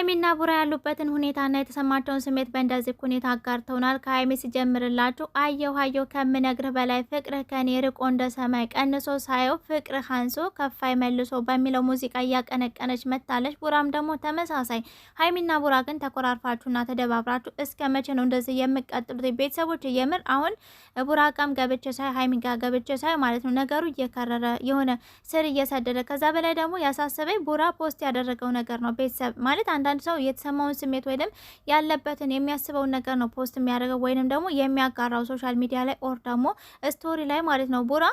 ሀይሚና ቡራ ያሉበትን ሁኔታና የተሰማቸውን ስሜት በእንደዚህ ሁኔታ አጋርተውናል። ከሀይሚ ሲጀምርላችሁ አየሁ አየሁ ከምነግርህ በላይ ፍቅርህ ከኔ ርቆ እንደ ሰማይ ቀንሶ ሳየው ፍቅርህ አንሶ ከፋይ መልሶ በሚለው ሙዚቃ እያቀነቀነች መታለች። ቡራም ደግሞ ተመሳሳይ። ሀይሚና ቡራ ግን ተኮራርፋችሁና ተደባብራችሁ እስከ መቼ ነው እንደዚህ የምቀጥሉት? ቤተሰቦች የምር አሁን ቡራ ቀም ገብቼ ሳይ ሀይሚ ጋ ገብቼ ሳይ ማለት ነው ነገሩ እየከረረ የሆነ ስር እየሰደደ ከዛ በላይ ደግሞ ያሳሰበኝ ቡራ ፖስት ያደረገው ነገር ነው ቤተሰብ ማለት አንዳ አንዳንድ ሰው የተሰማውን ስሜት ወይም ያለበትን የሚያስበውን ነገር ነው ፖስት የሚያደርገው ወይንም ደግሞ የሚያጋራው ሶሻል ሚዲያ ላይ ኦር ደግሞ ስቶሪ ላይ ማለት ነው። ቡራ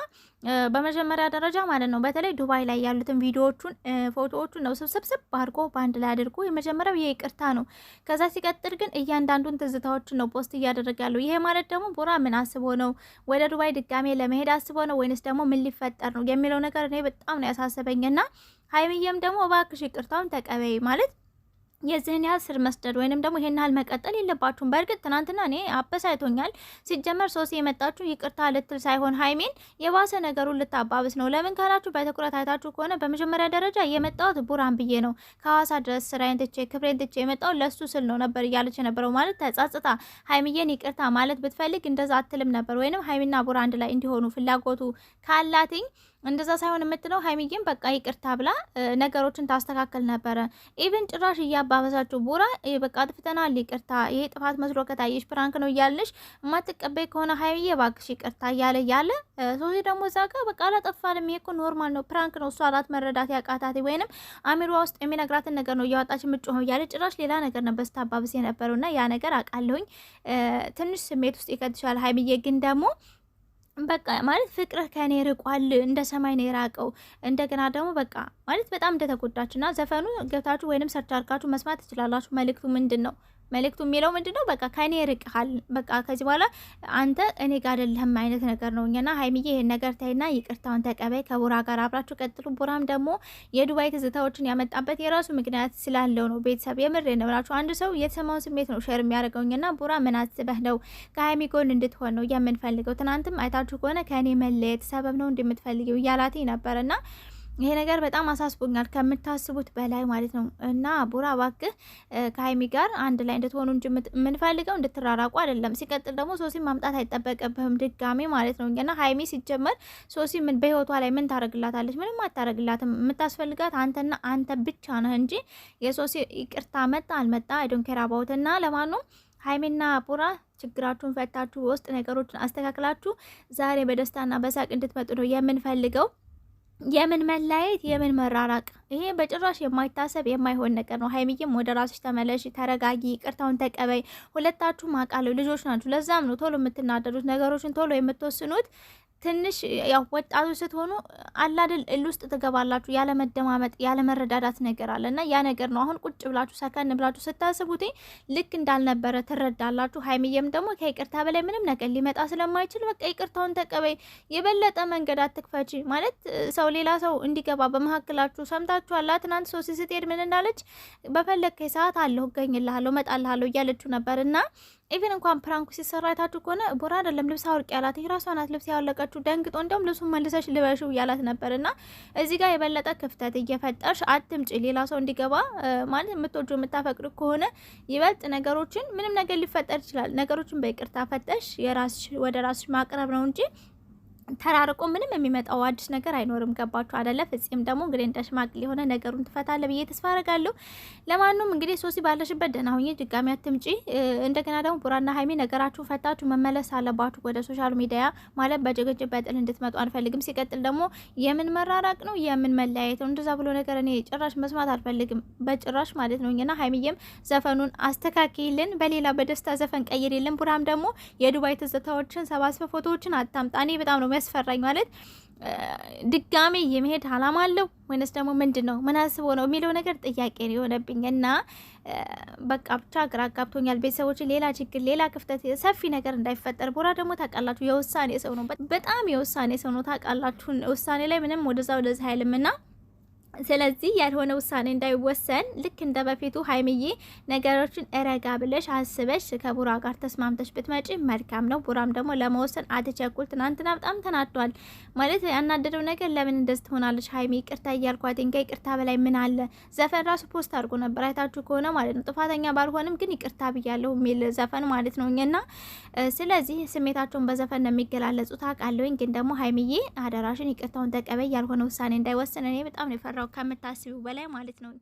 በመጀመሪያ ደረጃ ማለት ነው በተለይ ዱባይ ላይ ያሉትን ቪዲዮዎቹን፣ ፎቶዎቹን ነው ስብስብስብ አድርጎ በአንድ ላይ አድርጎ የመጀመሪያው ይቅርታ ነው። ከዛ ሲቀጥል ግን እያንዳንዱን ትዝታዎችን ነው ፖስት እያደረገ ያለው። ይሄ ማለት ደግሞ ቡራ ምን አስቦ ነው ወደ ዱባይ ድጋሜ ለመሄድ አስቦ ነው ወይንስ ደግሞ ምን ሊፈጠር ነው የሚለው ነገር እኔ በጣም ነው ያሳሰበኝና ሀይሚዬም ደግሞ እባክሽ ይቅርታውን ተቀበይ ማለት የዚህን ያህል ስር መስደድ ወይንም ደግሞ ይሄን ያህል መቀጠል የለባችሁም። በእርግጥ ትናንትና እኔ አበሳይቶኛል። ሲጀመር ሶሲ የመጣችሁ ይቅርታ ልትል ሳይሆን ሀይሜን የባሰ ነገሩ ልታባብስ ነው። ለምን ካላችሁ በትኩረት አይታችሁ ከሆነ በመጀመሪያ ደረጃ የመጣሁት ቡራን ብዬ ነው። ከሐዋሳ ድረስ ስራዬን ትቼ ክብሬን ትቼ የመጣሁት ለሱ ስል ነው ነበር እያለች የነበረው። ማለት ተጻጽታ ሀይምዬን ይቅርታ ማለት ብትፈልግ እንደዛ አትልም ነበር። ወይንም ሀይሚና ቡራ አንድ ላይ እንዲሆኑ ፍላጎቱ ካላትኝ እንደዛ ሳይሆን የምትለው ሀይሚዬም በቃ ይቅርታ ብላ ነገሮችን ታስተካከል ነበረ። ኢቨን ጭራሽ እያባበሳችሁ ቡራ በቃ አጥፍተናል፣ ይቅርታ ይሄ ጥፋት መስሎ ከታየሽ ፕራንክ ነው እያልንሽ የማትቀበይ ከሆነ ሀይሚዬ እባክሽ ይቅርታ እያለ እያለ ሶሲ ደግሞ እዛ ጋ በቃ አላጠፋንም፣ ይሄ እኮ ኖርማል ነው፣ ፕራንክ ነው፣ እሷ አላት መረዳት ያቃታት ወይንም አሚሯ ውስጥ የሚነግራትን ነገር ነው እያወጣች ምጩ ነው እያለ ጭራሽ ሌላ ነገር ነበር ስታባብስ የነበረው እና ያ ነገር አውቃለሁኝ ትንሽ ስሜት ውስጥ ይከትሻል። ሀይሚዬ ግን ደግሞ በቃ ማለት ፍቅርህ ከኔ ርቋል፣ እንደ ሰማይ ነው የራቀው። እንደገና ደግሞ በቃ ማለት በጣም እንደተጎዳች እና ዘፈኑ ገብታችሁ ወይንም ሰርች አርጋችሁ መስማት ትችላላችሁ። መልእክቱ ምንድን ነው? መልእክቱ የሚለው ምንድን ነው? በቃ ከእኔ ርቅሃል፣ በቃ ከዚህ በኋላ አንተ እኔ ጋር አይደለህም አይነት ነገር ነው። እኛና ሀይሚዬ ይህን ነገር ታይና ይቅርታውን ተቀበይ። ከቡራ ጋር አብራችሁ ቀጥሉ። ቡራም ደግሞ የዱባይ ትዝታዎችን ያመጣበት የራሱ ምክንያት ስላለው ነው። ቤተሰብ የምር ነብራችሁ ብላችሁ አንድ ሰው የተሰማውን ስሜት ነው ሼር የሚያደርገው። እኛና ቡራ ምን አስበህ ነው ከሀይሚ ጎን እንድትሆን ነው የምንፈልገው። ትናንትም አይታችሁ ከሆነ ከእኔ መለየት ሰበብ ነው እንደምትፈልገው እያላቴ ነበርና ይሄ ነገር በጣም አሳስቦኛል ከምታስቡት በላይ ማለት ነው። እና ቡራ እባክህ ከሀይሚ ጋር አንድ ላይ እንድትሆኑ እንጂ የምንፈልገው እንድትራራቁ አይደለም። ሲቀጥል ደግሞ ሶሲ ማምጣት አይጠበቅብህም ድጋሜ ማለት ነው። እና ሀይሚ ሲጀመር ሶሲ ምን በህይወቷ ላይ ምን ታደረግላታለች? ምንም አታደረግላትም። የምታስፈልጋት አንተና አንተ ብቻ ነህ እንጂ የሶሲ ይቅርታ መጣ አልመጣ አይዶንኬር አባውት እና ለማን ሀይሜና ቡራ ችግራችሁን ፈታችሁ ውስጥ ነገሮችን አስተካክላችሁ ዛሬ በደስታና በሳቅ እንድትመጡ ነው የምንፈልገው። የምን መለያየት የምን መራራቅ? ይሄ በጭራሽ የማይታሰብ የማይሆን ነገር ነው። ሀይሚዬም ወደ ራስሽ ተመለሽ፣ ተረጋጊ፣ ቅርታውን ተቀበይ። ሁለታችሁም አቃለው ልጆች ናችሁ። ለዛም ነው ቶሎ የምትናደዱት፣ ነገሮችን ቶሎ የምትወስኑት። ትንሽ ያው ወጣቶች ስትሆኑ አላድል እል ውስጥ ትገባላችሁ። ያለመደማመጥ ያለመረዳዳት ነገር አለ እና ያ ነገር ነው። አሁን ቁጭ ብላችሁ ሰከን ብላችሁ ስታስቡት ልክ እንዳልነበረ ትረዳላችሁ። ሀይሚዬም ደግሞ ከይቅርታ በላይ ምንም ነገር ሊመጣ ስለማይችል በቃ ይቅርታውን ተቀበይ፣ የበለጠ መንገድ አትክፈች። ማለት ሰው ሌላ ሰው እንዲገባ በመካከላችሁ ሰምታችኋላ። ትናንት ሶሲ ስትሄድ ምን እንዳለች? በፈለግከ ሰዓት አለሁ፣ እገኝልሃለሁ፣ እመጣልሃለሁ እያለችው ነበር እና ኢቨን እንኳን ፕራንኩ ሲሰራ አይታችሁ ከሆነ ቦራ አይደለም ልብስ አውልቅ ያላት የራሷ ናት ልብስ ያወለቀችው። ደንግጦ እንዲሁም ልብሱን መልሰሽ ልበሹ እያላት ነበር። እና እዚህ ጋር የበለጠ ክፍተት እየፈጠርሽ አትምጪ፣ ሌላ ሰው እንዲገባ ማለት የምትወጁ የምታፈቅዱ ከሆነ ይበልጥ ነገሮችን ምንም ነገር ሊፈጠር ይችላል። ነገሮችን በይቅርታ ፈጠሽ የራስሽ ወደ ራስሽ ማቅረብ ነው እንጂ ተራርቆ ምንም የሚመጣው አዲስ ነገር አይኖርም። ገባችሁ አደለ? ፍጹም ደግሞ እንግዲህ እንደ ሽማግሌ የሆነ ነገሩን ትፈታለ ብዬ ተስፋ አረጋለሁ። ለማንም እንግዲህ ሶሲ ባለሽበት ደህና ሁኚ፣ ድጋሚ አትምጪ። እንደገና ደግሞ ቡራና ሀይሚ ነገራችሁ ፈታችሁ መመለስ አለባችሁ ወደ ሶሻል ሚዲያ። ማለት በጭቅጭቅ በጥል እንድትመጡ አንፈልግም። ሲቀጥል ደግሞ የምን መራራቅ ነው የምን መለያየት ነው? እንደዛ ብሎ ነገር እኔ ጭራሽ መስማት አልፈልግም፣ በጭራሽ ማለት ነው። እኛና ሀይሚዬም ዘፈኑን አስተካክይልን፣ በሌላ በደስታ ዘፈን ቀይር ቡራም ደግሞ የዱባይ ትዝታዎችን ሰባስበ ፎቶዎችን አታምጣ። እኔ በጣም ነው የሚያስፈራኝ ማለት ድጋሜ የመሄድ አላማ አለው ወይንስ ደግሞ ምንድን ነው ምን አስቦ ነው የሚለው ነገር ጥያቄ ነው የሆነብኝ። እና በቃ ብቻ ግራ አጋብቶኛል። ቤተሰቦች ሌላ ችግር፣ ሌላ ክፍተት፣ ሰፊ ነገር እንዳይፈጠር። ቦራ ደግሞ ታውቃላችሁ የውሳኔ ሰው ነው፣ በጣም የውሳኔ ሰው ነው ታውቃላችሁ። ውሳኔ ላይ ምንም ወደዛ ወደዚህ አይልም እና ስለዚህ ያልሆነ ውሳኔ እንዳይወሰን ልክ እንደ በፊቱ ሀይምዬ ነገሮችን እረጋ ብለሽ አስበሽ ከቡራ ጋር ተስማምተሽ ብትመጪ መልካም ነው። ቡራም ደግሞ ለመወሰን አትቸኩል። ትናንትና በጣም ተናዷል። ማለት ያናደደው ነገር ለምን እንደዚህ ትሆናለች ሀይሚ ቅርታ እያልኳት ድንጋይ ቅርታ በላይ ምን አለ ዘፈን ራሱ ፖስት አድርጎ ነበር አይታችሁ ከሆነ ማለት ነው። ጥፋተኛ ባልሆንም ግን ይቅርታ ብያለሁ የሚል ዘፈን ማለት ነው። እና ስለዚህ ስሜታቸውን በዘፈን ነው የሚገላለጹት አውቃለሁኝ። ግን ደግሞ ሀይምዬ አደራሽን ይቅርታውን ተቀበይ፣ ያልሆነ ውሳኔ እንዳይወሰን እኔ በጣም ነው የፈራው ከምታስቢው በላይ ማለት ነው።